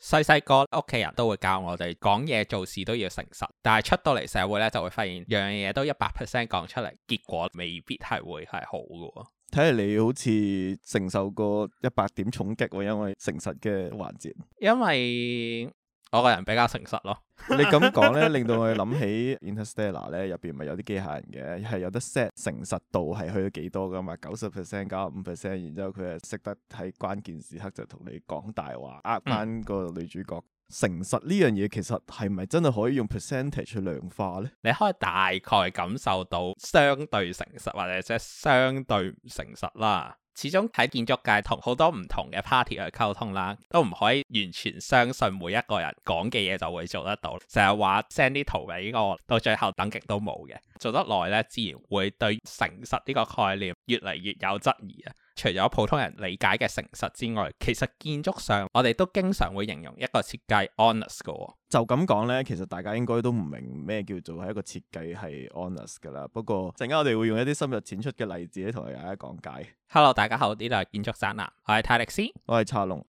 細細個屋企人都會教我哋講嘢，做事都要誠實，但係出到嚟社會咧就會發現樣樣嘢都一百 percent 講出嚟，結果未必係會係好嘅。睇嚟你好似承受過一百點衝擊，因為誠實嘅環節。因為。我個人比較誠實咯， 你咁講咧，令到我諗起 Inter《Interstellar》咧，入邊咪有啲機械人嘅，係有得 set 誠實度係去咗幾多噶嘛？九十 percent 加五 percent，然之後佢係識得喺關鍵時刻就同你講大話，呃翻個女主角。嗯、誠實呢樣嘢，其實係咪真係可以用 percentage 去量化咧？你可以大概感受到相對誠實，或者即係相對唔誠實啦。始終喺建築界同好多唔同嘅 party 去溝通啦，都唔可以完全相信每一個人講嘅嘢，就會做得到。成日話 send 啲圖俾我，到最後等極都冇嘅，做得耐咧，自然會對誠實呢個概念越嚟越有質疑啊！除咗普通人理解嘅誠實之外，其實建築上我哋都經常會形容一個設計 honest 嘅。就咁講呢，其實大家應該都唔明咩叫做係一個設計係 honest 噶啦。不過陣間我哋會用一啲深入淺出嘅例子咧，同大家講解。Hello，大家好，呢度係建築宅男啊，我係泰迪斯，我係查龍。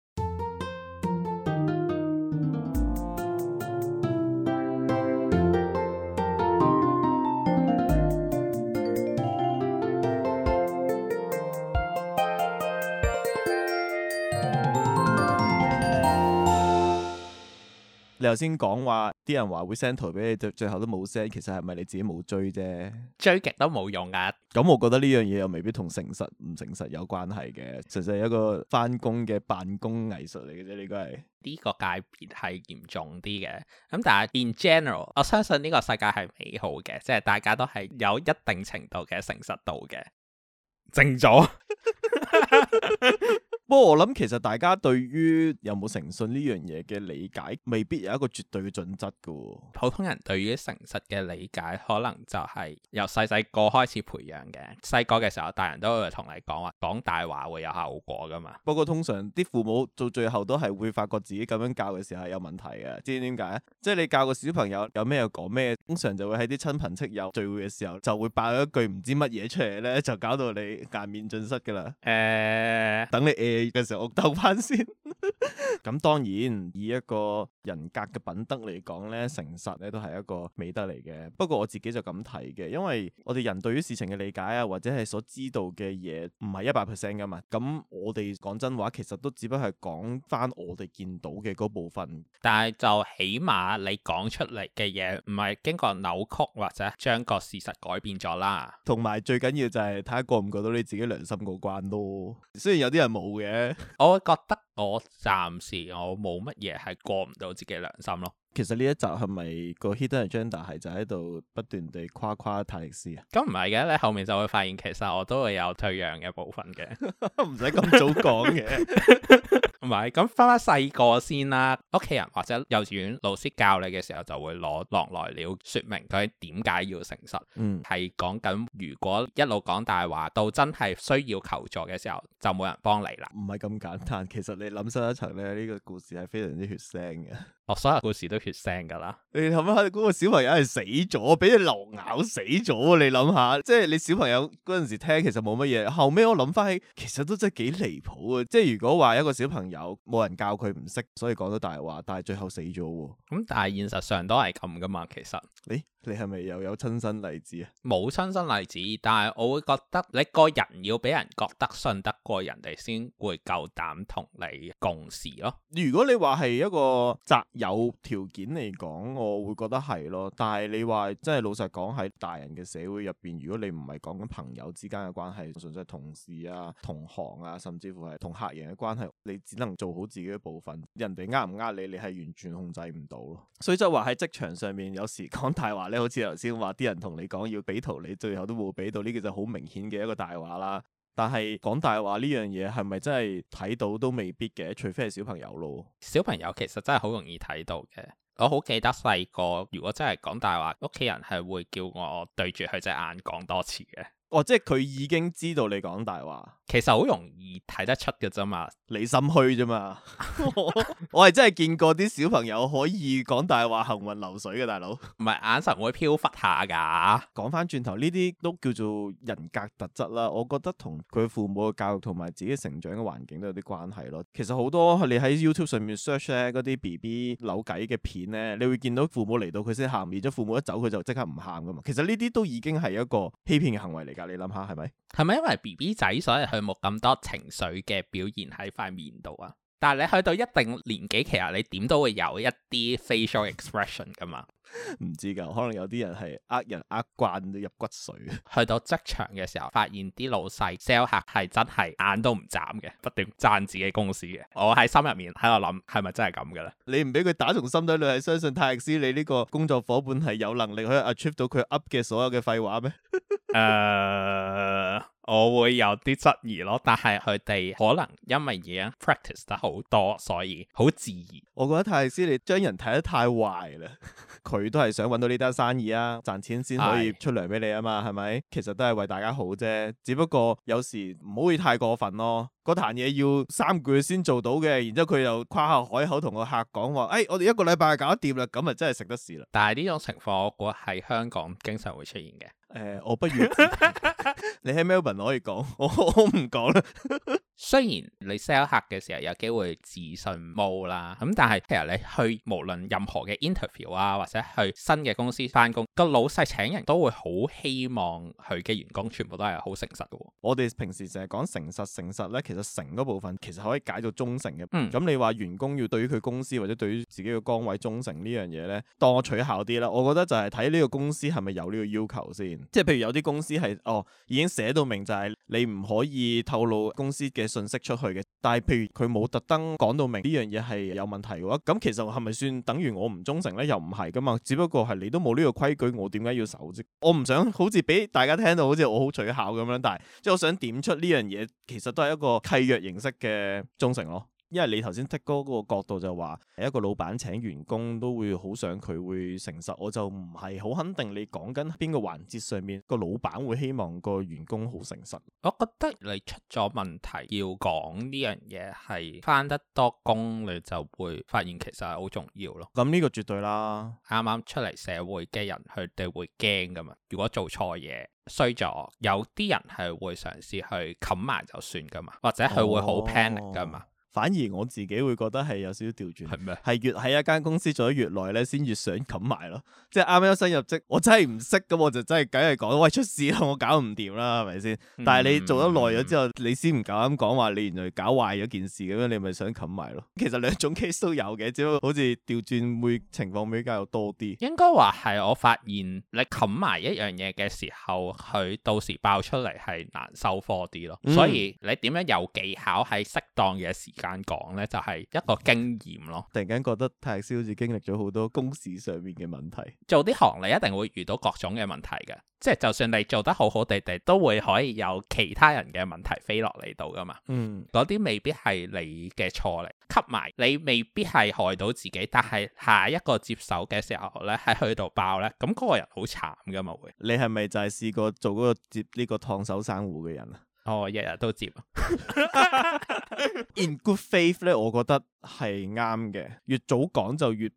頭先講話啲人話會 send 圖俾你，最最後都冇 send，其實係咪你自己冇追啫？追極都冇用噶，啊。咁我覺得呢樣嘢又未必同誠實唔誠實有關係嘅，純粹一個翻工嘅辦公藝術嚟嘅啫。呢、這個係呢個界別係嚴重啲嘅。咁但係 in general，我相信呢個世界係美好嘅，即係大家都係有一定程度嘅誠實度嘅。正咗。 不過我諗，其實大家對於有冇誠信呢樣嘢嘅理解，未必有一個絕對嘅準則噶。普通人對於誠實嘅理解，可能就係由細細個開始培養嘅。細個嘅時候，大人都會同你講話，講大話會有效果噶嘛。不過通常啲父母到最後都係會發覺自己咁樣教嘅時候有問題嘅。知唔知點解？即係你教個小朋友有咩又講咩，通常就會喺啲親朋戚友聚會嘅時候，就會爆一句唔知乜嘢出嚟咧，就搞到你顏面盡失噶啦。誒、呃，等你、呃嘅時候，我鬥翻先。咁當然，以一個人格嘅品德嚟講呢，誠實咧都係一個美德嚟嘅。不過我自己就咁睇嘅，因為我哋人對於事情嘅理解啊，或者係所知道嘅嘢唔係一百 percent 噶嘛。咁我哋講真話，其實都只不過係講翻我哋見到嘅嗰部分。但係就起碼你講出嚟嘅嘢唔係經過扭曲或者將個事實改變咗啦。同埋最緊要就係睇下過唔過到你自己良心嗰關咯。雖然有啲人冇嘅。我覺得我暫時我冇乜嘢係過唔到自己良心咯。其實呢一集係咪個 hidden agenda 係就喺度不斷地誇誇泰力斯啊？咁唔係嘅咧，你後面就會發現其實我都會有退讓嘅部分嘅，唔使咁早講嘅。唔係，咁翻翻細個先啦，屋企人或者幼稚園老師教你嘅時候就會攞狼來了說明佢點解要誠實。嗯，係講緊如果一路講大話到真係需要求助嘅時候就冇人幫你啦。唔係咁簡單，其實你諗深一層咧，呢個故事係非常之血腥嘅。哦，所有故事都血腥噶啦！你諗下，嗰個小朋友係死咗，俾隻狼咬死咗。你諗下，即係你小朋友嗰陣時聽，其實冇乜嘢。後尾我諗翻起，其實都真係幾離譜啊。即係如果話一個小朋友冇人教佢唔識，所以講咗大話，但係最後死咗。咁但係現實上都係咁噶嘛，其實。欸你係咪又有親身例子啊？冇親身例子，但係我會覺得你個人要俾人覺得信得過，人哋先會夠膽同你共事咯。如果你話係一個擇友條件嚟講，我會覺得係咯。但係你話真係老實講，喺大人嘅社會入邊，如果你唔係講緊朋友之間嘅關係，純粹係同事啊、同行啊，甚至乎係同客人嘅關係，你只能做好自己嘅部分。人哋呃唔呃你，你係完全控制唔到咯。所以就話喺職場上面，有時講大話。你好似頭先話啲人同你講要俾圖，你最後都冇俾到，呢個就好明顯嘅一個大話啦。但係講大話呢樣嘢係咪真係睇到都未必嘅？除非係小朋友咯。小朋友其實真係好容易睇到嘅。我好記得細個，如果真係講大話，屋企人係會叫我對住佢隻眼講多次嘅。哦，即係佢已經知道你講大話，其實好容易睇得出噶啫嘛，你心虛啫嘛。 我我係真係見過啲小朋友可以講大話行雲流水嘅。大佬，唔係眼神會飄忽下噶。講翻轉頭，呢啲都叫做人格特質啦。我覺得同佢父母嘅教育同埋自己成長嘅環境都有啲關係咯。其實好多你喺 YouTube 上面 search 咧，嗰啲 B B 扭計嘅片咧，你會見到父母嚟到佢先喊，而咗父母一走佢就即刻唔喊噶嘛。其實呢啲都已經係一個欺騙嘅行為嚟。你諗下係咪？係咪因為 BB 仔，所以佢冇咁多情緒嘅表現喺塊面度啊？但係你去到一定年紀，其實你點都會有一啲 facial expression 噶嘛。 唔知噶，可能有啲人係呃人呃慣到入骨髓。去到職場嘅時候，發現啲老細 sell 客係真係眼都唔眨嘅，不斷讚自己公司嘅。我喺心入面喺度諗，係咪真係咁嘅咧？你唔俾佢打從心底裏係相信泰力斯你呢個工作伙伴係有能力去 achieve 到佢 up 嘅所有嘅廢話咩？誒 ，uh, 我會有啲質疑咯，但係佢哋可能因為嘢啊 practice 得好多，所以好自然。我覺得泰力斯你將人睇得太壞啦。 佢都係想揾到呢單生意啊，賺錢先可以出糧俾你啊嘛，係咪是的？其實都係為大家好啫，只不過有時唔好太過分咯。嗰壇嘢要三個月先做到嘅，然之後佢又誇下海口同個客講話：，誒、哎，我哋一個禮拜搞得掂啦，咁咪真係食得屎啦。但係呢種情況，我估喺香港經常會出現嘅。誒，我不如 你喺 Melbourne 可以講，我我唔講啦。雖然你 sell 客嘅時候有機會自信冇啦，咁但係譬如你去無論任何嘅 interview 啊，或者去新嘅公司返工，個老細請人都會好希望佢嘅員工全部都係好誠實嘅。我哋平時成日講誠實，誠實咧，其實誠嗰部分其實可以解做忠誠嘅。咁、嗯、你話員工要對於佢公司或者對於自己嘅崗位忠誠呢樣嘢咧，當我取巧啲啦。我覺得就係睇呢個公司係咪有呢個要求先，即係譬如有啲公司係哦已經寫到明就係你唔可以透露公司嘅。信息出去嘅，但係譬如佢冇特登講到明呢樣嘢係有問題嘅話，咁其實係咪算等於我唔忠誠呢？又唔係噶嘛，只不過係你都冇呢個規矩，我點解要守啫？我唔想好似俾大家聽到好似我好取巧咁樣，但係即係我想點出呢樣嘢，其實都係一個契約形式嘅忠誠咯。因為你頭先睇嗰個角度就話係一個老闆請員工都會好想佢會誠實，我就唔係好肯定你講緊邊個環節上面個老闆會希望個員工好誠實。我覺得你出咗問題要講呢樣嘢係返得多工，你就會發現其實係好重要咯。咁呢個絕對啦，啱啱出嚟社會嘅人佢哋會驚㗎嘛。如果做錯嘢衰咗，有啲人係會嘗試去冚埋就算㗎嘛，或者佢會好 panic 㗎嘛。哦。反而我自己會覺得係有少少調轉，係咩嗎？係越喺一間公司做得越耐咧，先越想冚埋咯。即係啱啱新入職，我真係唔識咁，我就真係梗係講喂，出事啦，我搞唔掂啦，係咪先？但係你做得耐咗之後，嗯、你先唔敢講話，你原來搞壞咗件事咁樣，你咪想冚埋咯。其實兩種 case 都有嘅，只不過好似調轉會情況比較多啲。應該話係我發現你冚埋一樣嘢嘅時候，佢到時爆出嚟係難收科啲咯。嗯、所以你點樣有技巧喺適當嘅時間？講咧就係一個經驗咯，突然間覺得太蕭好似經歷咗好多公事上面嘅問題。做啲行你一定會遇到各種嘅問題嘅，即係就算你做得好好地地，都會可以有其他人嘅問題飛落嚟到噶嘛。嗯，嗰啲未必係你嘅錯嚟，吸埋你未必係害到自己，但係下一個接手嘅時候咧，喺去到爆咧，咁、那、嗰個人好慘噶嘛會。你係咪就係試過做嗰、那個接呢、這個燙手山芋嘅人啊？哦，日日都接。 In good faith 咧，我覺得係啱嘅。越早講就越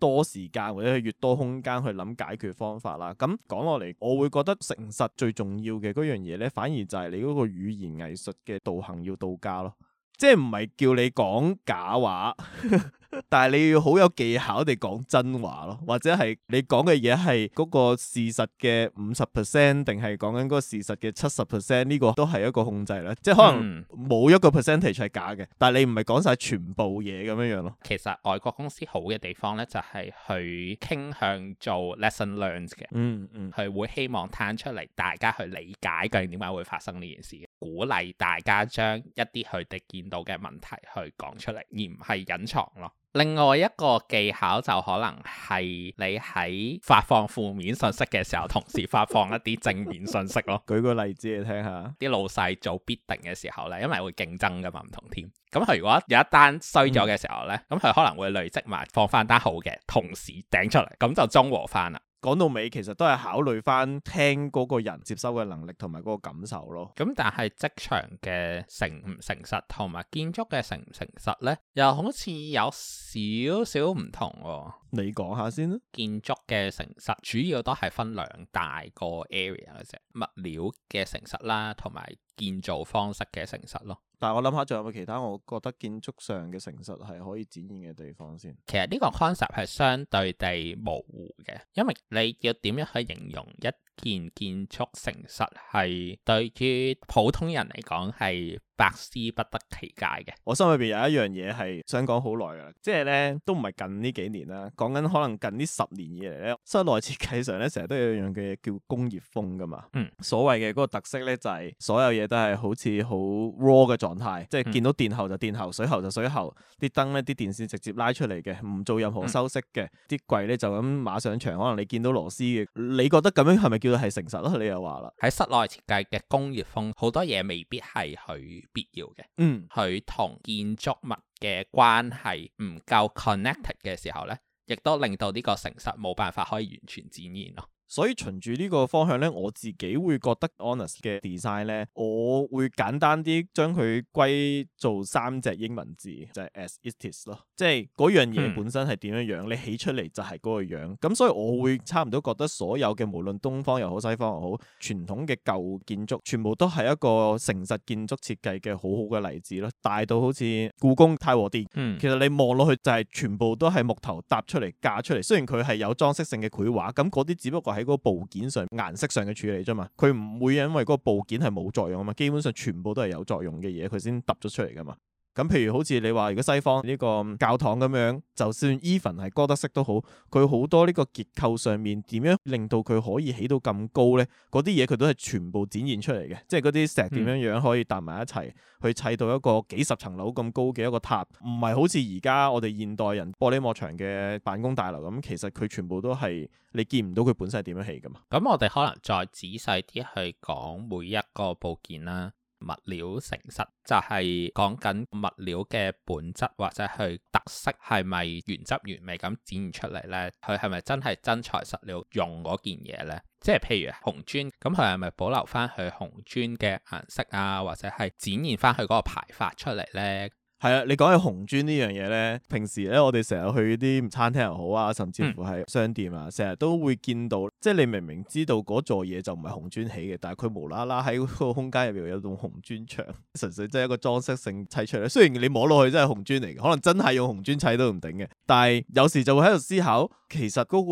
多時間，或者越多空間去諗解決方法啦。咁講落嚟，我會覺得誠實最重要嘅嗰樣嘢咧，反而就係你嗰個語言藝術嘅道行要到家咯。即係唔係叫你講假話。 但係你要好有技巧地講真話咯，或者係你講嘅嘢係嗰個事實嘅五十 percent，定係講緊嗰個事實嘅七十 percent？呢個都係一個控制啦，即係可能冇一個 percentage 係假嘅，但係你唔係講晒全部嘢咁樣樣咯，嗯。其實外國公司好嘅地方咧，就係去傾向做 lesson learns 嘅、嗯，嗯嗯，係會希望攤出嚟，大家去理解究竟點解會發生呢件事，鼓勵大家將一啲佢哋見到嘅問題去講出嚟，而唔係隱藏咯。另外一個技巧就可能係你喺發放負面信息嘅時候，同時發放一啲正面信息咯。 舉個例子嚟聽下，啲老細做必定嘅時候咧，因為會競爭噶嘛，唔同添。咁佢如果有一單衰咗嘅時候咧，咁佢、嗯、可能會累積埋放翻單好嘅，同時頂出嚟，咁就中和翻啦。講到尾，其實都係考慮翻聽嗰個人接收嘅能力同埋嗰個感受咯。咁但係職場嘅誠唔誠實同埋建築嘅誠唔誠實呢，又好似有少少唔同喎、哦。你講下先啦。建築嘅誠實主要都係分兩大個 area 嘅啫，物料嘅誠實啦，同埋建造方式嘅誠實咯。但我諗下，仲有冇其他我覺得建築上嘅誠實係可以展現嘅地方先？其實呢個 concept 係相對地模糊嘅，因為你要點樣去形容一件建築誠實係對於普通人嚟講係。百思不得其解嘅，我心裏邊有一樣嘢係想講好耐噶啦，即係咧都唔係近呢幾年啦，講緊可能近呢十年以嚟咧，室內設計上咧成日都有一樣嘅嘢叫工業風噶嘛，嗯，所謂嘅嗰個特色咧就係、是、所有嘢都係好似好 raw 嘅狀態，即係見到電喉就電喉，水喉就水喉，啲燈咧啲電線直接拉出嚟嘅，唔做任何修飾嘅，啲、嗯、櫃咧就咁碼上牆，可能你見到螺絲嘅，你覺得咁樣係咪叫做係誠實啊？你又話啦，喺室內設計嘅工業風好多嘢未必係佢。必要嘅，嗯，佢同建築物嘅關係唔夠 connected 嘅時候咧，亦都令到呢個誠實冇辦法可以完全展現咯。所以循住呢個方向咧，我自己會覺得 honest 嘅 design 咧，我會簡單啲將佢歸做三隻英文字，就係 as it is 咯，即係嗰樣嘢本身係點樣樣，你起出嚟就係嗰個樣。咁所以我會差唔多覺得所有嘅無論東方又好西方又好，傳統嘅舊建築全部都係一個誠實建築設計嘅好好嘅例子咯。大到好似故宮太和殿，嗯、其實你望落去就係全部都係木頭搭出嚟架出嚟，雖然佢係有裝飾性嘅繪畫，咁嗰啲只不過係。個部件上顏色上嘅處理啫嘛，佢唔會因為個部件係冇作用啊嘛，基本上全部都係有作用嘅嘢，佢先揼咗出嚟噶嘛。咁，譬如好似你話，如果西方呢個教堂咁樣，就算 Even 係哥德式都好，佢好多呢個結構上面點樣令到佢可以起到咁高呢？嗰啲嘢佢都係全部展現出嚟嘅，即係嗰啲石點樣樣可以搭埋一齊去砌到一個幾十層樓咁高嘅一個塔，唔係好似而家我哋現代人玻璃幕牆嘅辦公大樓咁。其實佢全部都係你見唔到佢本身係點樣起㗎嘛？咁我哋可能再仔細啲去講每一個部件啦。物料誠實就係講緊物料嘅本質，或者佢特色係咪原汁原味咁展現出嚟呢？佢係咪真係真材實料用嗰件嘢呢？即係譬如紅磚，咁佢係咪保留翻佢紅磚嘅顏色啊？或者係展現翻佢嗰個排法出嚟呢？係啊，你講起紅磚呢樣嘢咧，平時咧我哋成日去啲餐廳又好啊，甚至乎係商店啊，成日、嗯、都會見到，即係你明明知道嗰座嘢就唔係紅磚起嘅，但係佢無啦啦喺個空間入面有棟紅磚牆，純粹即係一個裝飾性砌出嚟。雖然你摸落去真係紅磚嚟嘅，可能真係用紅磚砌都唔定嘅。但係有時就會喺度思考，其實嗰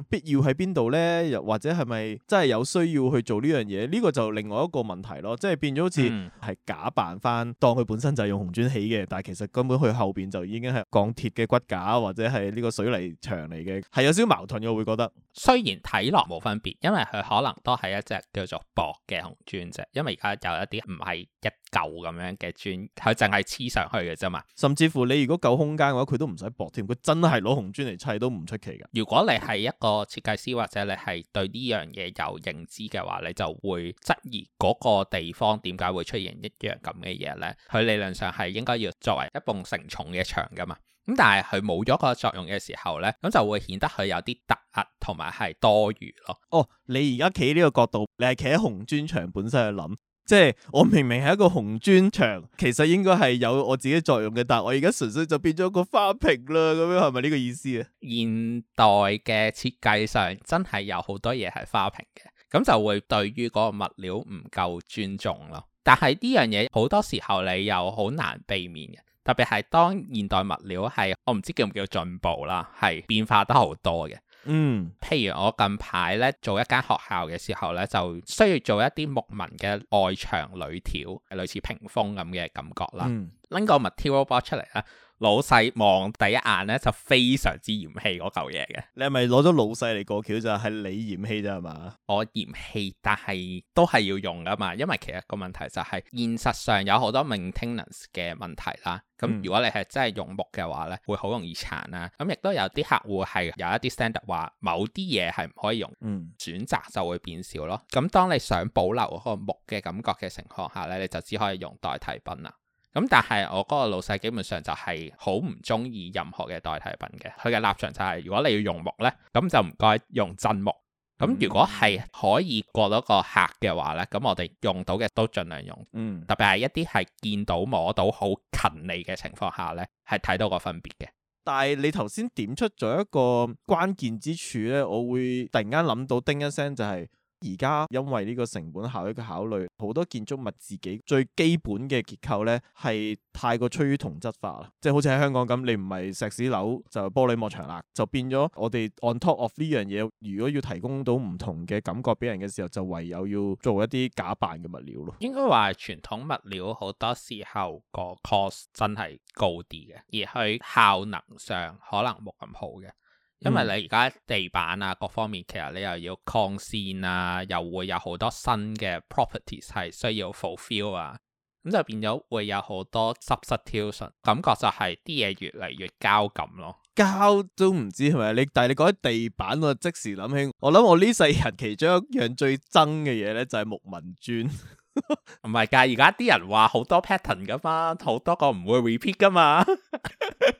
個必要喺邊度咧？又或者係咪真係有需要去做呢樣嘢？呢、呢個就另外一個問題咯，即係變咗好似係假扮翻，當佢本身就係用紅磚起嘅，但其實根本佢後邊就已經係鋼鐵嘅骨架，或者係呢個水泥牆嚟嘅，係有少少矛盾嘅，我會覺得。雖然睇落冇分別，因為佢可能都係一隻叫做薄嘅紅磚啫，因為而家有一啲唔係。一嚿咁樣嘅磚，佢淨係黐上去嘅啫嘛。甚至乎你如果夠空間嘅話，佢都唔使薄添。佢真係攞紅磚嚟砌都唔出奇嘅。如果你係一個設計師或者你係對呢樣嘢有認知嘅話，你就會質疑嗰個地方點解會出現一樣咁嘅嘢咧？佢理論上係應該要作為一埲承重嘅牆噶嘛。咁但係佢冇咗個作用嘅時候咧，咁就會顯得佢有啲突兀同埋係多餘咯。哦，你而家企喺呢個角度，你係企喺紅磚牆本身去諗。即係我明明係一個紅磚牆，其實應該係有我自己作用嘅，但係我而家純粹就變咗個花瓶啦，咁樣係咪呢個意思啊？現代嘅設計上真係有好多嘢係花瓶嘅，咁就會對於嗰個物料唔夠尊重咯。但係呢樣嘢好多時候你又好難避免嘅，特別係當現代物料係我唔知叫唔叫進步啦，係變化得好多嘅。嗯，譬如我近排咧做一間學校嘅時候咧，就需要做一啲木紋嘅外牆鋁條，類似屏風咁嘅感覺啦。拎個 material board 出嚟啦。老細望第一眼咧，就非常之嫌棄嗰嚿嘢嘅。你係咪攞咗老細嚟過橋，就係你嫌棄啫嘛？我嫌棄，但係都係要用噶嘛，因為其實個問題就係、是、現實上有好多 maintenance 嘅問題啦。咁、嗯、如果你係真係用木嘅話咧，會好容易殘啊。咁亦都有啲客戶係有一啲 standard 話某啲嘢係唔可以用，嗯，選擇就會變少咯。咁當你想保留嗰個木嘅感覺嘅情況下咧，你就只可以用代替品啦。咁但係我嗰個老細基本上就係好唔中意任何嘅代替品嘅，佢嘅立場就係、是、如果你要用木呢，咁就唔該用真木。咁如果係可以過到個客嘅話呢，咁我哋用到嘅都盡量用。嗯，特別係一啲係見到摸到好近你嘅情況下呢，係睇到個分別嘅。但係你頭先點出咗一個關鍵之處呢，我會突然間諗到叮一聲就係、是。而家因為呢個成本效益嘅考慮，好多建築物自己最基本嘅結構呢係太過趨於同質化啦，即係好似喺香港咁，你唔係石屎樓就是玻璃幕牆啦，就變咗我哋 on top of 呢樣嘢，如果要提供到唔同嘅感覺俾人嘅時候，就唯有要做一啲假扮嘅物料咯。應該話係傳統物料好多時候個 cost 真係高啲嘅，而去效能上可能冇咁好嘅。因為你而家地板啊，各方面其實你又要抗線啊，又會有好多新嘅 properties 係需要 fulfill 啊，咁就變咗會有好多 substitution，感覺就係啲嘢越嚟越膠感咯。膠都唔知係咪你，但係你講起地板我就即時諗起，我諗我呢世人其中一樣最憎嘅嘢咧就係、是、木紋磚。 唔係噶，而家啲人話好多 pattern 噶嘛，好多個唔會 repeat 噶嘛。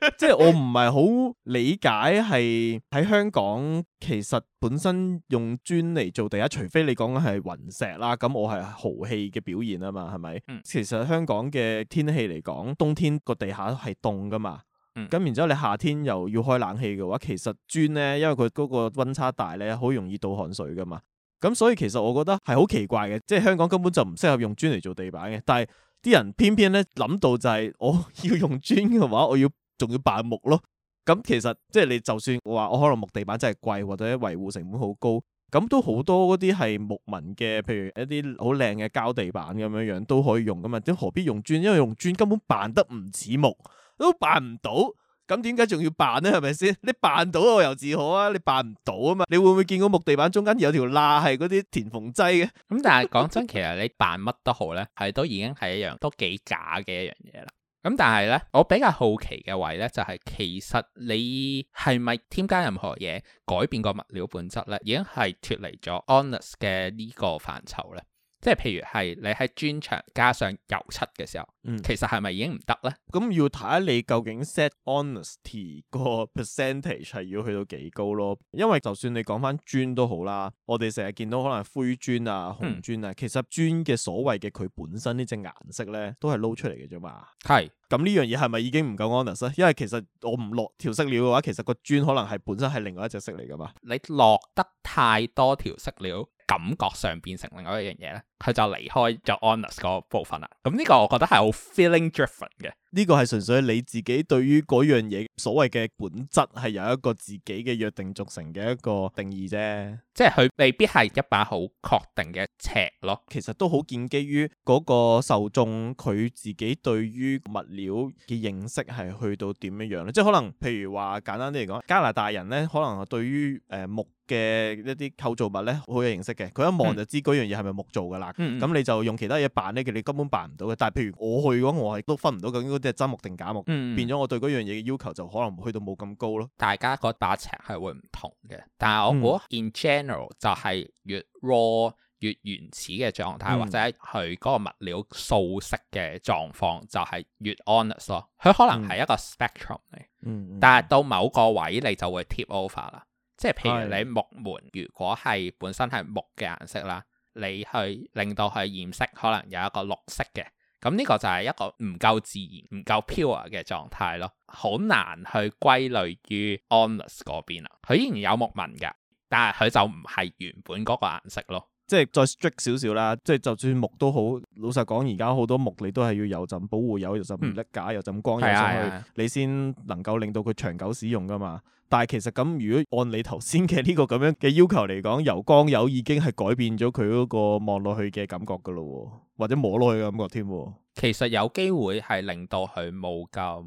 即係我唔係好理解係喺香港，其實本身用磚嚟做地下，除非你講緊係雲石啦，咁我係豪氣嘅表現啊嘛，係咪？嗯，其實香港嘅天氣嚟講，冬天個地下係凍噶嘛。嗯，咁然之後你夏天又要開冷氣嘅話，其實磚咧，因為佢嗰個溫差大咧，好容易倒汗水噶嘛。咁所以其實我覺得係好奇怪嘅，即係香港根本就唔適合用磚嚟做地板嘅，但係啲人偏偏咧諗到就係，我要用磚嘅話，我要仲要扮木咯。咁其實即係你就算話我，我可能木地板真係貴或者維護成本好高，咁都好多嗰啲係木紋嘅，譬如一啲好靚嘅膠地板咁樣樣都可以用噶嘛，即係何必用磚？因為用磚根本扮得唔似木，都扮唔到。咁點解仲要扮呢？係咪先？你扮到我又自可啊！你扮唔到啊嘛？你會唔會見到木地板中間有條罅係嗰啲填縫劑嘅？咁 但係講真，其實你扮乜都好呢，係都已經係一樣都幾假嘅一樣嘢啦。咁但係呢，我比較好奇嘅位呢，就係、是、其實你係咪添加任何嘢改變個物料本質呢？已經係脫離咗 honest 嘅呢個範疇呢？即係譬如係你喺磚牆加上油漆嘅時候，嗯、其實係咪已經唔得咧？咁、嗯、要睇下你究竟 set honesty 個 percentage 係要去到幾高咯？因為就算你講翻磚都好啦，我哋成日見到可能灰磚啊、紅磚啊，其實磚嘅所謂嘅佢本身呢隻顏色咧，都係撈出嚟嘅啫嘛。係。咁呢樣嘢係咪已經唔夠 honest 咧？因為其實我唔落調色料嘅話，其實個磚可能係本身係另外一隻色嚟噶嘛。你落得太多調色料，感覺上變成另外一樣嘢咧，佢就離開咗 honest 嗰部分啦。咁呢個我覺得係好 feeling driven 嘅。呢個係純粹你自己對於嗰樣嘢所謂嘅本質係有一個自己嘅約定俗成嘅一個定義啫，即係佢未必係一把好確定嘅尺咯。其實都好建基於嗰個受眾佢自己對於物料嘅認識係去到點樣樣咧。即係可能譬如話簡單啲嚟講，加拿大人咧可能對於誒、呃、木嘅一啲構造物咧，好有形式嘅。佢一望就知嗰、嗯、樣嘢係咪木做噶啦。咁、嗯、你就用其他嘢扮咧，佢你根本扮唔到嘅。但係譬如我去嗰，我係都分唔到究竟嗰啲係真木定假木，嗯、變咗我對嗰樣嘢嘅要求就可能去到冇咁高咯。大家嗰把尺係會唔同嘅，但係我估、嗯、in general 就係越 raw 越原始嘅狀態，嗯、或者佢嗰個物料素色嘅狀況就係、是、越 honest 咯。佢可能係一個 spectrum 嚟、嗯，但係到某個位你就會 tip over 啦。即係譬如你木門，如果係本身係木嘅顏色啦，你去令到佢染色，可能有一個綠色嘅，咁呢個就係一個唔夠自然、唔夠 pure 嘅狀態咯，好難去歸類於 oneness 嗰邊啊。佢依然有木紋㗎，但係佢就唔係原本嗰個顏色咯。即係再 strict 少少啦，即係就算木都好，老實講，而家好多木你都係要有陣保護油，有陣唔叻架，有陣光上去，你先能夠令到佢長久使用㗎嘛。但係其實咁，如果按你頭先嘅呢個咁樣嘅要求嚟講，油光油已經係改變咗佢嗰個望落去嘅感覺噶咯，或者摸落去嘅感覺添。其實有機會係令到佢冇咁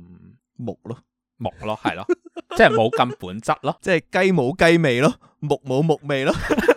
木咯了，木咯係咯， 即係冇咁本質咯，即係雞冇雞味咯，木冇木味咯。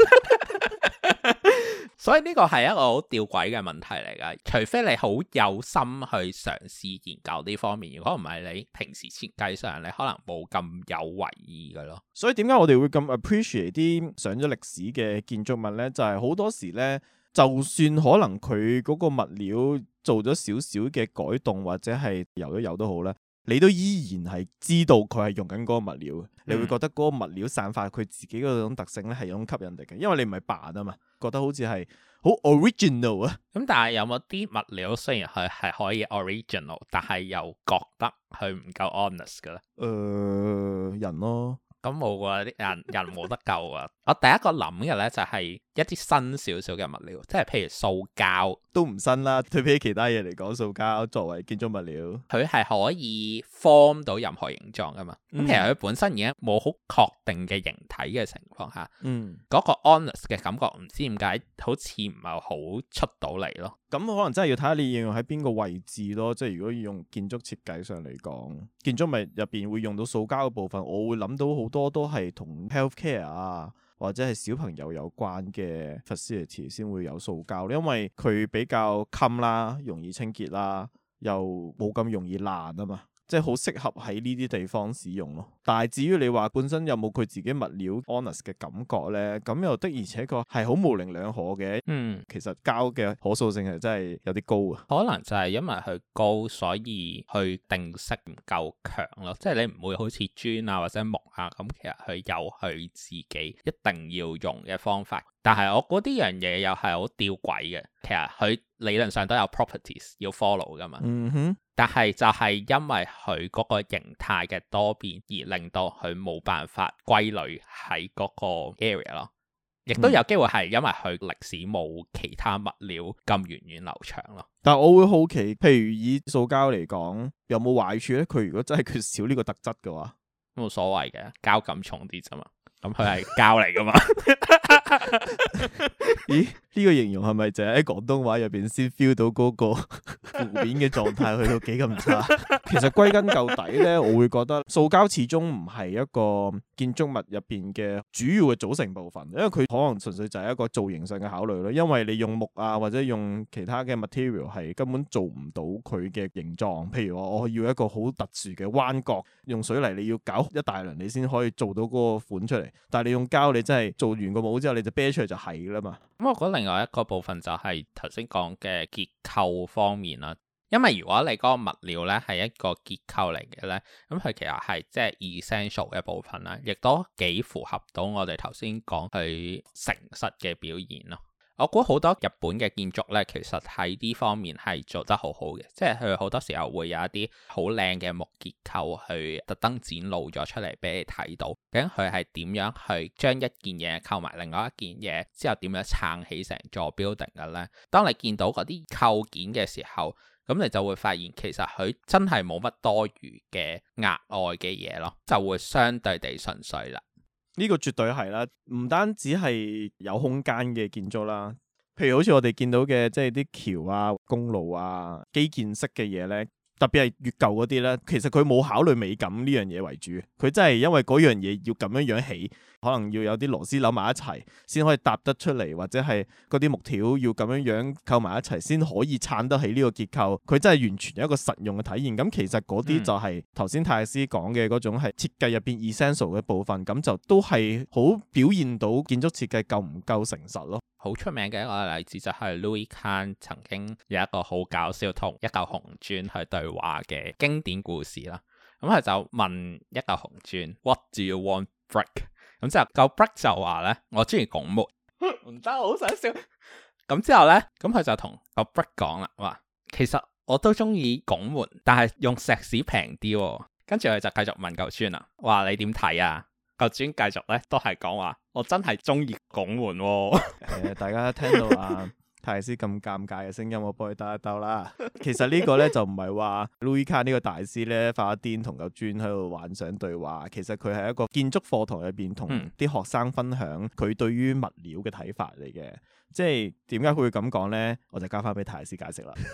所以呢個係一個好吊詭嘅問題嚟㗎，除非你好有心去嘗試研究呢方面，如果唔係你平時設計上，你可能冇咁有為意㗎囉。所以點解我哋會咁 appreciate 啲上咗歷史嘅建築物呢？就係、是、好多時呢，就算可能佢嗰個物料做咗少少嘅改動，或者係油一油都好咧。你都依然係知道佢係用緊嗰個物料，你會覺得嗰個物料散發佢自己嗰種特性咧係一種吸引力嘅，因為你唔係扮啊嘛，覺得好似係好 original 啊。咁、嗯、但係有冇啲物料雖然係係可以 original，但係又覺得佢唔夠 honest 噶咧？誒、呃，人咯，咁冇啊啲人，人冇得救啊。 我第一個諗嘅咧就係、是、一啲新少少嘅物料，即係譬如塑膠都唔新啦。對比其他嘢嚟講，塑膠作為建築物料，佢係可以 form 到任何形狀噶嘛。咁其實佢本身已經冇好確定嘅形體嘅情況下，嗰、嗯、個 honest 嘅感覺唔知點解好似唔係好出到嚟咯。咁可能真係要睇下你應用喺邊個位置咯。即係如果要用建築設計上嚟講，建築物入邊會用到塑膠嘅部分，我會諗到好多都係同 health care 啊。或者係小朋友有關嘅 facility 先會有塑膠，因為佢比較襟啦，容易清潔啦，又冇咁容易爛啊嘛。即係好適合喺呢啲地方使用咯。但係至於你話本身有冇佢自己物料 honest 嘅感覺咧？咁又的而且確係、嗯、好模棱兩可嘅。嗯，其實膠嘅可塑性係真係有啲高啊。可能就係因為佢高，所以佢定色唔夠強咯。即係你唔會好似磚啊或者木啊咁，其實佢有佢自己一定要用嘅方法。但係我嗰啲樣嘢又係好吊軌嘅。其實佢理論上都有 properties 要 follow 噶嘛。嗯哼。但係就係因為佢嗰個形態嘅多變而令到佢冇辦法歸類喺嗰個 area 咯，亦都有機會係因為佢歷史冇其他物料咁源遠流長咯。但我會好奇，譬如以塑膠嚟講，有冇壞處咧？佢如果真係缺少呢個特質嘅話，冇所謂嘅，膠感重啲啫嘛。咁佢係膠嚟噶嘛？ 咦，呢個形容係咪就係喺廣東話入邊先 feel 到嗰個負 面嘅狀態去到幾咁差？ 其實歸根究底咧，我會覺得塑膠始終唔係一個建築物入邊嘅主要嘅組成部分，因為佢可能純粹就係一個造型上嘅考慮咯。因為你用木啊，或者用其他嘅 material，係根本做唔到佢嘅形狀。譬如我我要一個好特殊嘅彎角，用水泥你要搞一大輪，你先可以做到嗰個款出嚟。但係你用膠，你真係做完個模之後，你就啤出嚟就係啦嘛。咁我覺得另外一個部分就係頭先講嘅結構方面啦。因為如果你嗰個物料咧係一個結構嚟嘅咧，咁佢其實係即係 essential 嘅部分啦，亦都幾符合到我哋頭先講佢誠實嘅表現咯。我估好多日本嘅建築咧，其實喺呢方面係做得好好嘅，即係佢好多時候會有一啲好靚嘅木結構去特登展露咗出嚟俾你睇到，究竟佢係點樣去將一件嘢扣埋另外一件嘢之後點樣撐起成座 building 嘅咧？當你見到嗰啲構件嘅時候，咁你就會發現其實佢真係冇乜多餘嘅額外嘅嘢咯，就會相對地純粹啦。呢個絕對係啦，唔單止係有空間嘅建築啦，譬如好似我哋見到嘅，即係啲橋啊、公路啊、基建式嘅嘢咧。特別係越舊嗰啲咧，其實佢冇考慮美感呢樣嘢為主，佢真係因為嗰樣嘢要咁樣樣起，可能要有啲螺絲扭埋一齊，先可以搭得出嚟，或者係嗰啲木條要咁樣樣構埋一齊，先可以撐得起呢個結構。佢真係完全有一個實用嘅體驗。咁其實嗰啲就係頭先泰斯講嘅嗰種係設計入邊 essential 嘅部分，咁就都係好表現到建築設計夠唔夠誠實咯。好出名嘅一個例子就係 Louis Kahn 曾經有一個好搞笑同一嚿紅磚去對話嘅經典故事啦。咁佢就問一嚿紅磚：What do you want, brick？咁之後嚿 brick 就話咧：我中意拱門。唔得， 好想笑。咁 之後咧，咁佢就同嚿 brick 講啦：話其實我都中意拱門，但係用石屎平啲。跟住佢就繼續問嚿磚啦：哇，你點睇啊？個磚繼續咧，都係講話我真係中意拱門，誒、 大家聽到啊，泰斯咁尷尬嘅聲音，我幫佢兜一兜啦。其實個呢個咧就唔係話路易卡呢個大師咧發一癲同個磚喺度幻想對話，其實佢係一個建築課堂入邊同啲學生分享佢對於物料嘅睇法嚟嘅。嗯、即係點解佢會咁講咧？我就交翻俾泰斯解釋啦。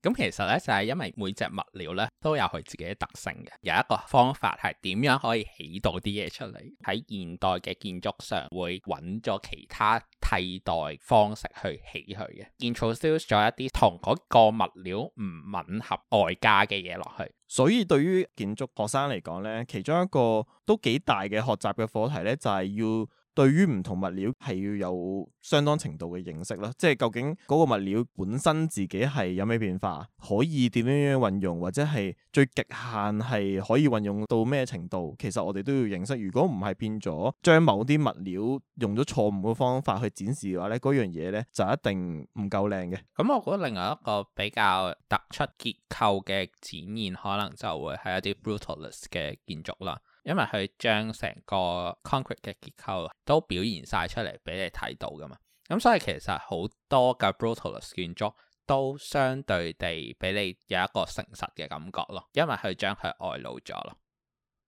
咁其實咧就係因為每隻物料咧都有佢自己嘅特性嘅，有一個方法係點樣可以起到啲嘢出嚟，喺現代嘅建築上會揾咗其他替代方式去起佢嘅，insert 咗一啲同嗰個物料唔吻合外加嘅嘢落去，所以對於建築學生嚟講咧，其中一個都幾大嘅學習嘅課題咧，就係要。對於唔同物料係要有相當程度嘅認識啦，即係究竟嗰個物料本身自己係有咩變化，可以點樣樣運用，或者係最極限係可以運用到咩程度，其實我哋都要認識。如果唔係變咗將某啲物料用咗錯誤嘅方法去展示嘅話咧，嗰樣嘢咧就一定唔夠靚嘅。咁我覺得另外一個比較突出結構嘅展現，可能就會係一啲 Brutalist 嘅建築啦。因為佢將成個 concrete 嘅結構都表現晒出嚟俾你睇到噶嘛，咁所以其實好多嘅 brutalist 建築都相對地俾你有一個誠實嘅感覺咯，因為佢將佢外露咗咯。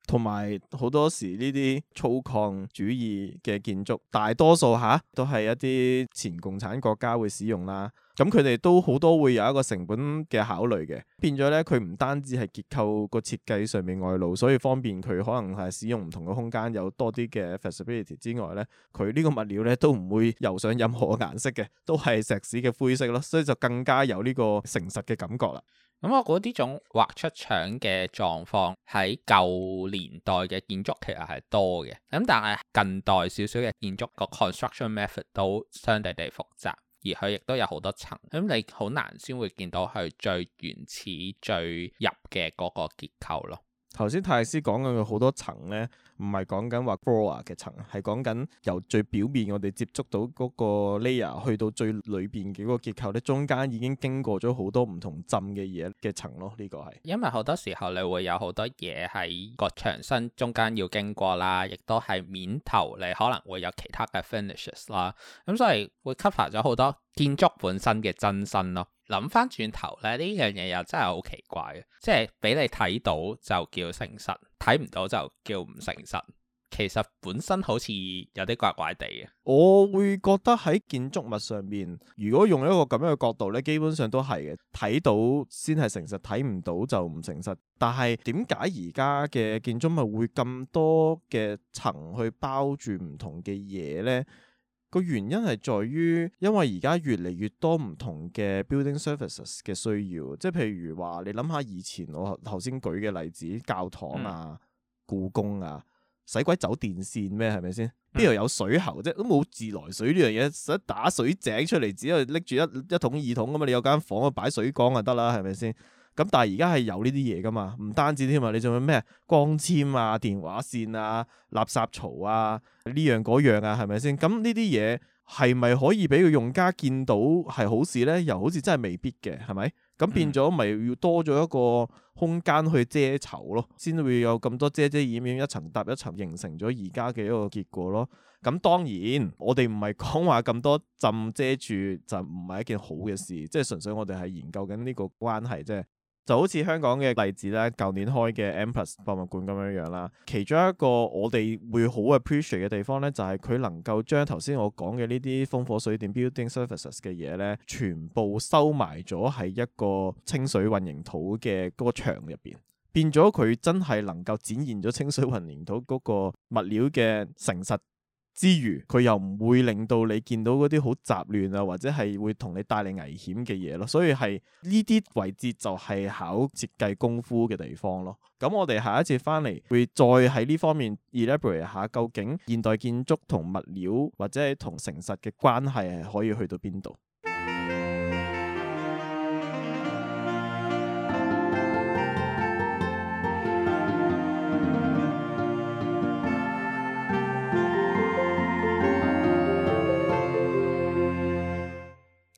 同埋好多時呢啲粗獷主義嘅建築，大多數吓都係一啲前共產國家會使用啦。咁佢哋都好多會有一個成本嘅考慮嘅，變咗咧佢唔單止係結構個設計上面外露，所以方便佢可能係使用唔同嘅空間有多啲嘅 flexibility 之外咧，佢呢個物料咧都唔會塗上任何顏色嘅，都係石屎嘅灰色咯，所以就更加有呢個誠實嘅感覺啦。咁我覺得呢種畫出牆嘅狀況喺舊年代嘅建築其實係多嘅，咁但係近代少少嘅建築個 construction method 都相對地複雜。而佢亦都有好多層，咁你好難先會見到佢最原始、最入嘅嗰個結構咯。頭先泰斯講嘅好多層咧，唔係講緊話 floor 嘅層，係講緊由最表面我哋接觸到嗰個 layer 去到最裏邊幾個結構咧，中間已經經過咗好多唔同浸嘅嘢嘅層咯。呢、這個係因為好多時候你會有好多嘢喺個牆身中間要經過啦，亦都係面頭你可能會有其他嘅 finishes 啦，咁所以會 cover 咗好多。建築本身嘅真身咯，諗翻轉頭咧，呢樣嘢又真係好奇怪嘅，即係俾你睇到就叫誠實，睇唔到就叫唔誠實。其實本身好似有啲怪怪地嘅。我會覺得喺建築物上面，如果用一個咁樣嘅角度咧，基本上都係嘅，睇到先係誠實，睇唔到就唔誠實。但係點解而家嘅建築物會咁多嘅層去包住唔同嘅嘢咧？個原因係在於，因為而家越嚟越多唔同嘅 building services 嘅需要，即係譬如話，你諗下以前我頭先舉嘅例子，教堂啊、故宮啊，使鬼走電線咩？係咪先？邊度、嗯、有水喉啫？都冇自來水呢樣嘢，使打水井出嚟，只係拎住一一桶二桶咁啊！你有間房啊，擺水缸啊得啦，係咪先？咁但係而家係有呢啲嘢噶嘛？唔單止添啊，你仲有咩光纖啊、電話線啊、垃圾槽啊呢樣嗰樣啊，係咪先？咁呢啲嘢係咪可以俾個用家見到係好事呢？又好似真係未必嘅，係咪？咁變咗咪要多咗一個空間去遮醜咯，先會有咁多遮遮掩掩一層搭一層形成咗而家嘅一個結果咯。咁當然我哋唔係講話咁多浸遮住就唔係一件好嘅事，即係純粹我哋係研究緊呢個關係啫。就好似香港嘅例子咧，舊年開嘅 M+ 博物館咁樣樣啦，其中一個我哋會好 appreciate 嘅地方咧，就係、是、佢能夠將頭先我講嘅呢啲風火水電 building services 嘅嘢咧，全部收埋咗喺一個清水混凝土嘅嗰個牆入邊，變咗佢真係能夠展現咗清水混凝土嗰個物料嘅誠實之餘，佢又唔會令到你見到嗰啲好雜亂啊，或者係會同你帶嚟危險嘅嘢咯。所以係呢啲位置就係考設計功夫嘅地方咯。咁我哋下一次翻嚟會再喺呢方面 elaborate 一下，究竟現代建築同物料或者係同誠實嘅關係係可以去到邊度？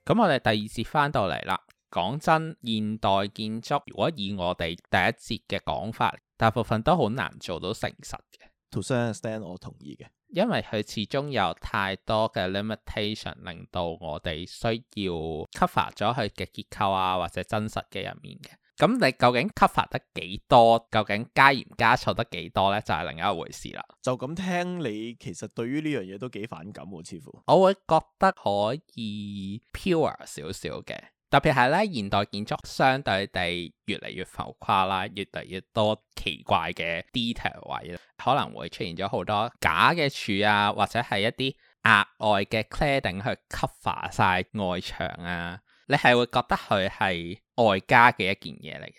咁我哋第二節翻到嚟啦，講真，現代建築如果以我哋第一節嘅講法，大部分都好難做到誠實嘅。To a certain extent，我同意嘅，因為佢始終有太多嘅 limitation，令到我哋需要 cover 咗佢嘅結構啊，或者真實嘅入面嘅。咁你究竟 cover 得幾多？究竟加鹽加醋得幾多呢？就係另一回事啦。就咁聽你，其實對於呢樣嘢都幾反感喎，似乎我會覺得可以 pure 少少嘅，特別係呢現代建築相對地越嚟越浮誇啦，越嚟越多奇怪嘅 detail 位，可能會出現咗好多假嘅柱啊，或者係一啲額外嘅 cladding 去 cover 晒外牆啊。你係會覺得佢係外加嘅一件嘢嚟嘅，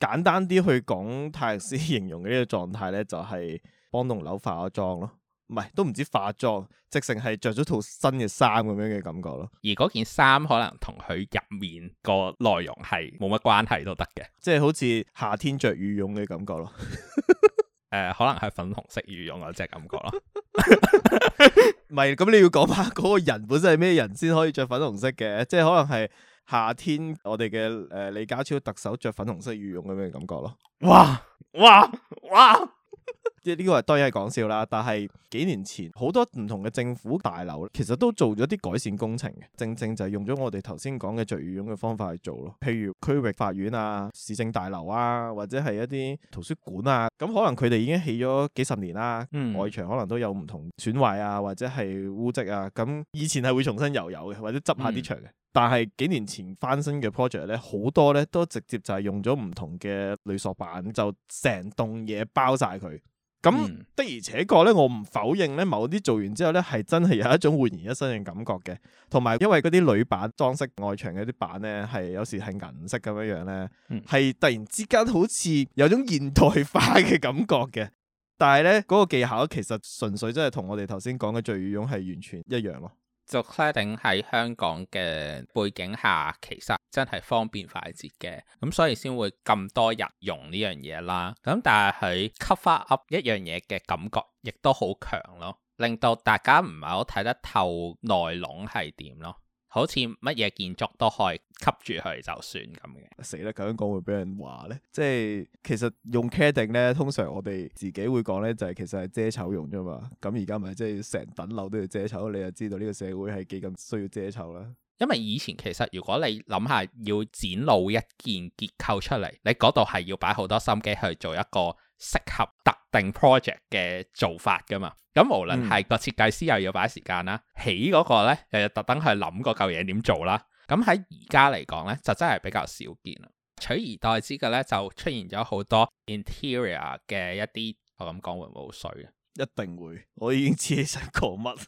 簡單啲去講，泰斯形容嘅呢個狀態咧，就係幫棟樓化咗妝咯，唔係都唔知化妝，直成係着咗套新嘅衫咁樣嘅感覺咯。而嗰件衫可能同佢入面個內容係冇乜關係都得嘅，即係好似夏天着羽絨嘅感覺咯。誒， 可能係粉紅色羽絨嗰隻感覺咯。唔係，咁你要講翻嗰個人本身係咩人先可以着粉紅色嘅？即係可能係。夏天我哋嘅誒，李家超特首著粉紅色羽絨嘅咩感覺咯？哇哇哇！ 即係呢個係當然係講笑啦，但係幾年前好多唔同嘅政府大樓其實都做咗啲改善工程嘅，正正就係用咗我哋頭先講嘅聚酯鋁嘅方法去做咯。譬如區域法院啊、市政大樓啊，或者係一啲圖書館啊，咁可能佢哋已經起咗幾十年啦，嗯、外牆可能都有唔同損壞啊，或者係污跡啊，咁以前係會重新油油嘅，或者執下啲牆嘅。嗯、但係幾年前翻新嘅 project 咧，好多咧都直接就係用咗唔同嘅鋁塑板，就成棟嘢包晒佢。咁、嗯、的而且確咧，我唔否認咧，某啲做完之後咧，係真係有一種煥然一新嘅感覺嘅。同埋因為嗰啲鋁板裝飾外牆嘅啲板咧，係有時係銀色咁樣樣咧，係、嗯、突然之間好似有種現代化嘅感覺嘅。但係咧，嗰、嗰個技巧其實純粹真係同我哋頭先講嘅聚羽絨係完全一樣咯。做 cladding 喺香港嘅背景下，其實真係方便快捷嘅，咁所以先會咁多日用呢樣嘢啦。咁但係佢 cover up 一樣嘢嘅感覺亦都好強咯，令到大家唔係好睇得透內籠係點咯，好似乜嘢建築都可以。吸住佢就算咁嘅，死啦！咁樣講會俾人話咧，即係其實用 cladding 咧，通常我哋自己會講咧，就係、是、其實係遮醜用啫嘛。咁而家咪即係成等樓都要遮醜，你又知道呢個社會係幾咁需要遮醜啦。因為以前其實如果你諗下要展露一件結構出嚟，你嗰度係要擺好多心機去做一個適合特定 project 嘅做法噶嘛。咁無論係個設計師又要擺時間啦，嗯、起嗰個咧又特登去諗嗰嚿嘢點做啦。咁喺而家嚟講咧，就真係比較少見啦。取而代之嘅咧，就出現咗好多 interior 嘅一啲，我咁講會唔會好衰啊？一定會，我已經知你想講乜。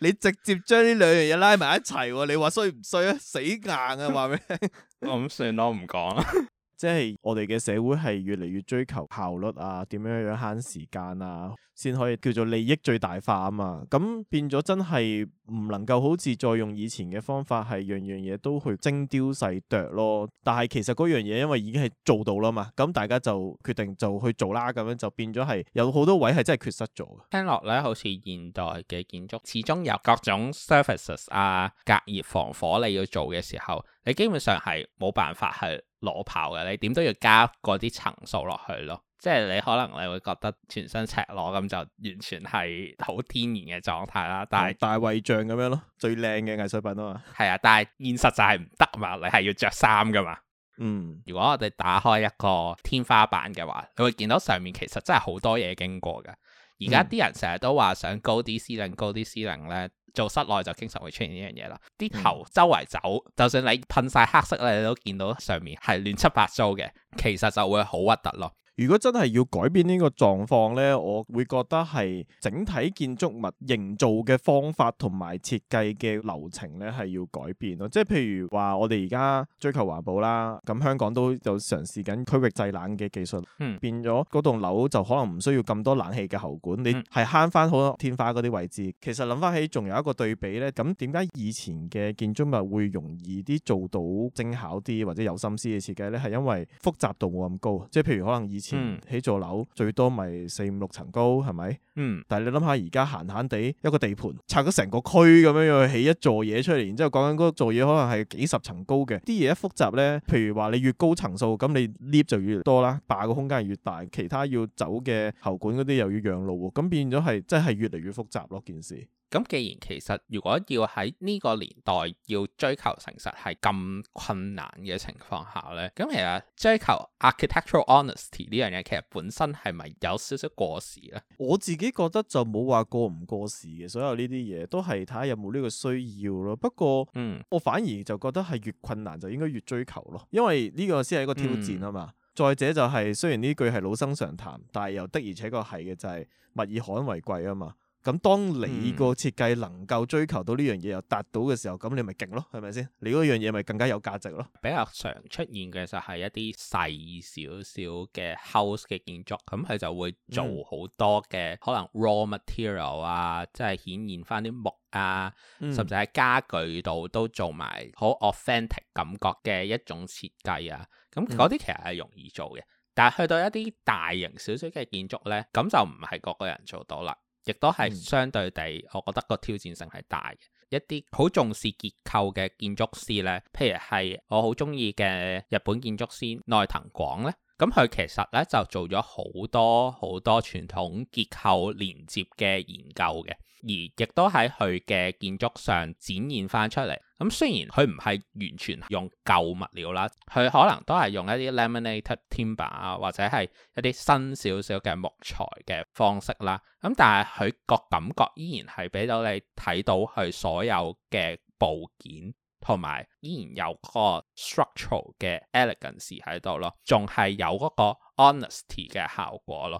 你直接將呢兩樣嘢拉埋一齊，啊，你話衰唔衰啊？死硬啊，話 我咁算啦，唔講啦。即係我哋嘅社會係越嚟越追求效率啊，點樣樣慳時間啊，先可以叫做利益最大化啊嘛。咁、嗯、變咗真係唔能夠好似再用以前嘅方法係樣樣嘢都去精雕細琢咯。但係其實嗰樣嘢因為已經係做到啦嘛，咁、嗯、大家就決定就去做啦。咁樣就變咗係有好多位係真係缺失咗。聽落咧，好似現代嘅建築始終有各種 services 啊、隔熱防火你要做嘅時候，你基本上係冇辦法去裸跑嘅你點都要加嗰啲層數落去咯，即係你可能你會覺得全身赤裸咁就完全係好天然嘅狀態啦，但係大衛像咁樣咯，最靚嘅藝術品啊嘛，係啊，但係現實就係唔得嘛，你係要着衫噶嘛。嗯，如果我哋打開一個天花板嘅話，你會見到上面其實真係好多嘢經過㗎。而家啲人成日都話想高啲 ceiling，高啲 ceiling 咧。做室內就經常會出現呢樣嘢啦，啲頭周圍走， 就算你噴晒黑色咧，你都見到上面係亂七八糟嘅，其實就會好核突咯。如果真係要改變個狀況呢個狀況呢，我會覺得係整體建築物營造嘅方法同埋設計嘅流程呢係要改變咯。即係譬如話，我哋而家追求環保啦，咁香港都有嘗試緊區域製冷嘅技術，嗯、變咗嗰棟樓就可能唔需要咁多冷氣嘅喉管，嗯、你係慳翻好多天花嗰啲位置。其實諗翻起仲有一個對比呢，咁點解以前嘅建築物會容易啲做到精巧啲或者有心思嘅設計呢？係因為複雜度冇咁高，即係譬如可能以嗯，起座樓最多咪四五六層高，係咪？嗯，但係你諗下，而家閒閒地一個地盤拆咗成個區咁樣樣起一座嘢出嚟，然之後講緊嗰座嘢可能係幾十層高嘅，啲嘢一複雜咧，譬如話你越高層數，咁你 lift 就越嚟越多啦，霸個空間越大，其他要走嘅喉管嗰啲又要讓路喎，咁變咗係真係越嚟越複雜咯，件事。咁既然其實如果要喺呢個年代要追求誠實係咁困難嘅情況下咧，咁其實追求 architectural honesty。呢樣嘢其實本身係咪有少少過時呢？我自己覺得就冇話過唔過時嘅，所有呢啲嘢都係睇下有冇呢個需要咯。不過，嗯，我反而就覺得係越困難就應該越追求咯，因為呢個先係一個挑戰啊嘛。嗯、再者就係、是、雖然呢句係老生常談，但係又的而且確係嘅就係、是、物以罕為貴啊嘛。咁當你個設計能夠追求到呢樣嘢又達到嘅時候，咁、嗯、你咪勁咯，係咪先？你嗰樣嘢咪更加有價值咯。比較常出現嘅就係一啲細少少嘅 house 嘅建築，咁佢就會做好多嘅可能 raw material 啊，嗯、即係顯現翻啲木啊，嗯、甚至喺家具度都做埋好 authentic 感覺嘅一種設計啊。咁嗰啲其實係容易做嘅，嗯、但係去到一啲大型少少嘅建築呢，咁就唔係個個人做到啦。亦都係相對地，我覺得個挑戰性係大嘅。一啲好重視結構嘅建築師咧，譬如係我好鍾意嘅日本建築師內藤廣咧。咁佢其實呢就做咗好多好多傳統結構連接嘅研究嘅，而亦都喺佢嘅建築上展現返出嚟。咁雖然佢唔係完全用舊物料啦，佢可能都係用一啲 laminated timber 啊，或者係一啲新少少嘅木材嘅方式啦。咁但係佢個感覺依然係俾到你睇到佢所有嘅部件。同埋依然有個 structural 嘅 elegance 喺度咯，仲係有嗰個 honesty 嘅效果咯。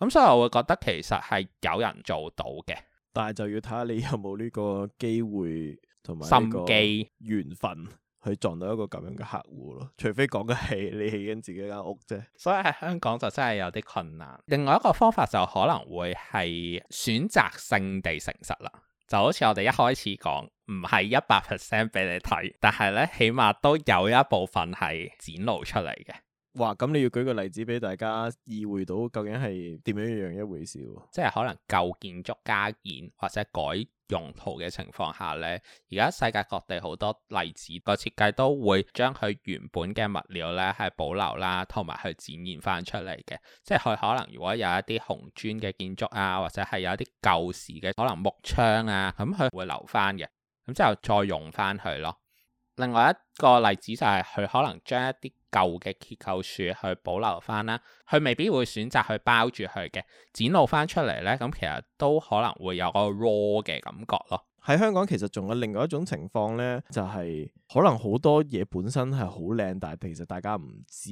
咁、嗯、所以我會覺得其實係有人做到嘅，但係就要睇下你有冇呢個機會同埋心機、緣分去撞到一個咁樣嘅客戶咯。除非講緊你起緊自己間屋啫，所以喺香港就真係有啲困難。另外一個方法就可能會係選擇性地誠實啦。就好似我哋一開始講，唔係一百 percent 俾你睇，但係咧起碼都有一部分係展露出嚟嘅。哇！咁你要舉個例子俾大家意會到究竟係點樣樣一回事，即係可能舊建築加建或者改用途嘅情況下呢，而家世界各地好多例子，個設計都會將佢原本嘅物料呢係保留啦，同埋去展現翻出嚟嘅，即係佢可能如果有一啲紅磚嘅建築啊，或者係有一啲舊時嘅可能木窗啊，咁佢會留翻嘅，咁之後再用翻佢咯。另外一個例子就係佢可能將一啲舊嘅結構樹去保留翻啦，佢未必會選擇去包住佢嘅，展露翻出嚟呢。咁其實都可能會有個 raw 嘅感覺咯。喺香港其實仲有另外一種情況呢，就係、是、可能好多嘢本身係好靚，但係其實大家唔知。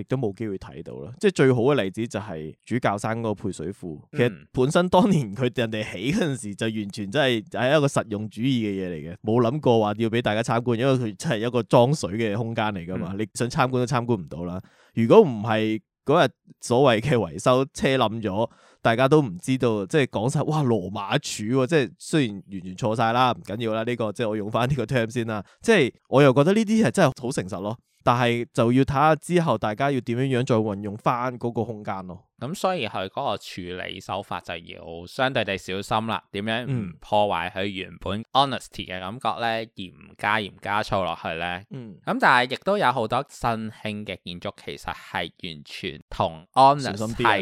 亦都冇機會睇到啦，即係最好嘅例子就係主教山嗰個配水庫。嗯、其實本身當年佢人哋起嗰陣時，就完全真係係一個實用主義嘅嘢嚟嘅，冇諗過話要俾大家參觀，因為佢真係一個裝水嘅空間嚟噶嘛。嗯、你想參觀都參觀唔到啦。如果唔係嗰日所謂嘅維修車冧咗，大家都唔知道。即係講晒：「哇！羅馬柱啊」，即係雖然完全錯晒啦，唔緊要啦。呢個即係我用翻呢個 term 先啦。即係我又覺得呢啲係真係好誠實咯。但係就要睇下之後大家要點樣樣再運用翻嗰個空間咯，咁所以佢嗰個處理手法就要相對地小心啦。點樣唔破壞佢原本 honesty 嘅感覺呢？嗯、而唔加鹽加醋落去呢？嗯。咁但係亦都有好多新興嘅建築，其實係完全同 honesty 係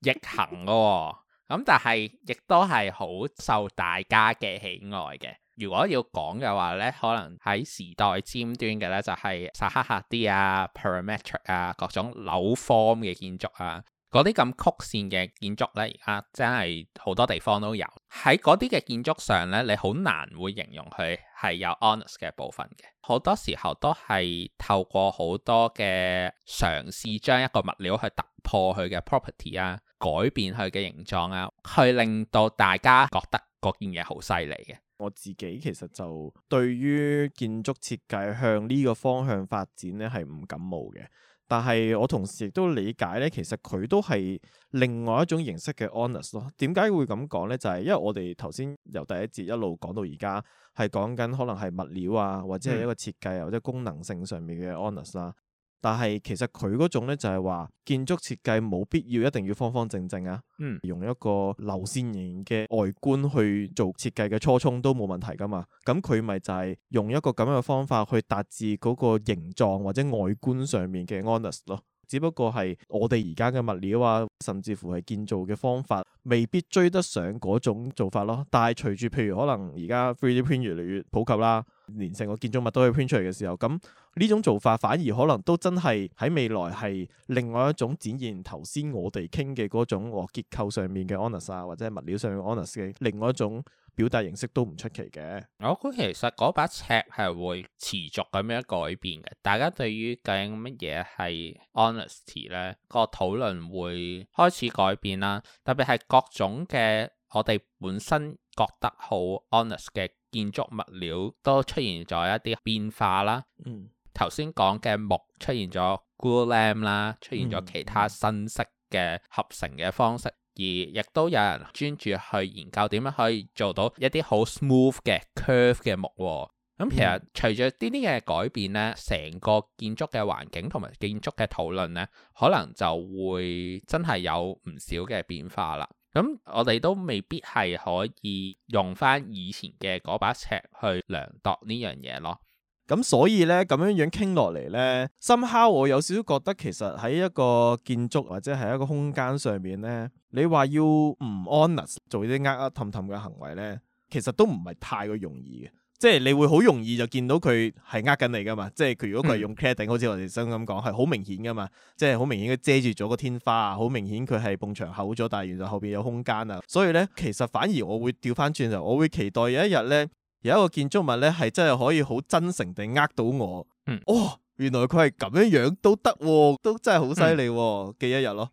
逆行嘅喎、哦。咁 但係亦都係好受大家嘅喜愛嘅。如果要講嘅話呢，可能喺時代尖端嘅、ah 啊、呢，就係 Zaha Hadid 啲啊、parametric 啊、各種扭方嘅建築啊，嗰啲咁曲線嘅建築呢，而家真係好多地方都有。喺嗰啲嘅建築上呢，你好難會形容佢係有 honest 嘅部分嘅。好多時候都係透過好多嘅嘗試，將一個物料去突破佢嘅 property 啊，改變佢嘅形狀啊，去令到大家覺得嗰件嘢好犀利嘅。我自己其實就對於建築設計向呢個方向發展咧係唔感冒嘅，但係我同時亦都理解咧，其實佢都係另外一種形式嘅 honest 咯。點解會咁講咧？就係因為我哋頭先由第一節一路講到而家，係講緊可能係物料啊，或者係一個設計或者功能性上面嘅 honest 啦。但係其實佢嗰種咧就係話建築設計冇必要一定要方方正正啊，嗯、用一個流線型嘅外觀去做設計嘅初衷都冇問題噶嘛。咁佢咪就係用一個咁樣嘅方法去達至嗰個形狀或者外觀上面嘅 honest 咯。只不過係我哋而家嘅物料啊，甚至乎係建造嘅方法未必追得上嗰種做法咯。但係隨住譬如可能而家 3D print 越嚟越普及啦，連成個建築物都可以 print 出嚟嘅時候咁。呢種做法反而可能都真係喺未來係另外一種展現，頭先我哋傾嘅嗰種我結構上面嘅 honest 啊，或者物料上面 honest 嘅、啊、另外一種表達形式都唔出奇嘅。我估其實嗰把尺係會持續咁樣改變嘅。大家對於究竟乜嘢係 honest 呢個討論會開始改變啦，特別係各種嘅我哋本身覺得好 honest 嘅建築物料都出現咗一啲變化啦。嗯。頭先講嘅木出現咗 Glulam 啦，出現咗其他新式嘅合成嘅方式，而亦都有人專注去研究點樣可以做到一啲好 smooth 嘅 curve 嘅木。咁其實隨住啲啲嘅改變咧，成個建築嘅環境同埋建築嘅討論咧，可能就會真係有唔少嘅變化啦。咁我哋都未必係可以用翻以前嘅嗰把尺去量度呢樣嘢咯。咁所以咧，咁樣樣傾落嚟咧，somehow 我有少少覺得，其實喺一個建築或者係一個空間上面咧，你話要唔 honest 做啲呃呃氹氹嘅行為咧，其實都唔係太過容易嘅，即係你會好容易就見到佢係呃緊你噶嘛，即係佢如果佢係用 cladding 好似我哋新咁講，係好明顯噶嘛，即係好明顯佢遮住咗個天花啊，好明顯佢係埲牆厚咗，但係原來後邊有空間啊，所以咧，其實反而我會調翻轉頭，我會期待有一日咧。有一個建築物咧，係真係可以好真誠地呃到我。嗯，哇、哦，原來佢係咁樣樣都得、哦，都真係好犀利嘅一日咯。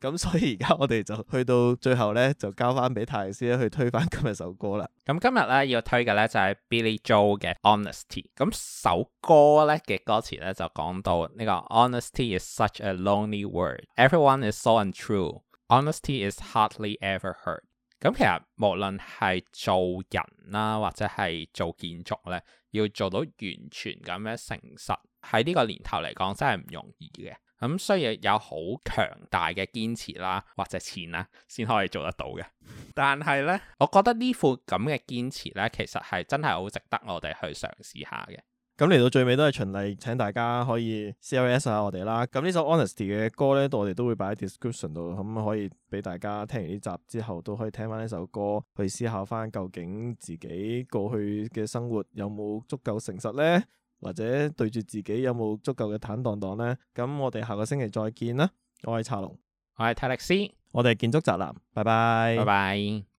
咁所以而家我哋就去到最後咧，就交翻俾泰斯咧去推翻今日首歌啦。咁今日咧要推嘅咧就係、是、Billy Joel 嘅 Honesty。咁首歌咧嘅歌詞咧就講到呢、這個 Honesty is such a lonely word，everyone is so untrue，honesty is hardly ever heard。咁其實無論係做人啦，或者係做建築咧，要做到完全咁樣誠實，喺呢個年頭嚟講真係唔容易嘅。咁需要有好強大嘅堅持啦，或者錢啦，先可以做得到嘅。 但係咧，我覺得呢副咁嘅堅持咧，其實係真係好值得我哋去嘗試下嘅。咁嚟到最尾都係循例，請大家可以 C O S 下我哋啦。咁呢首《Honesty》嘅歌咧，我哋都會擺喺 description 度，咁可以俾大家聽完呢集之後，都可以聽翻呢首歌，去思考翻究竟自己過去嘅生活有冇足夠誠實咧，或者對住自己有冇足夠嘅坦蕩蕩咧。咁我哋下個星期再見啦。我係茶龍，我係泰力斯，我哋建築宅男，拜拜，拜拜。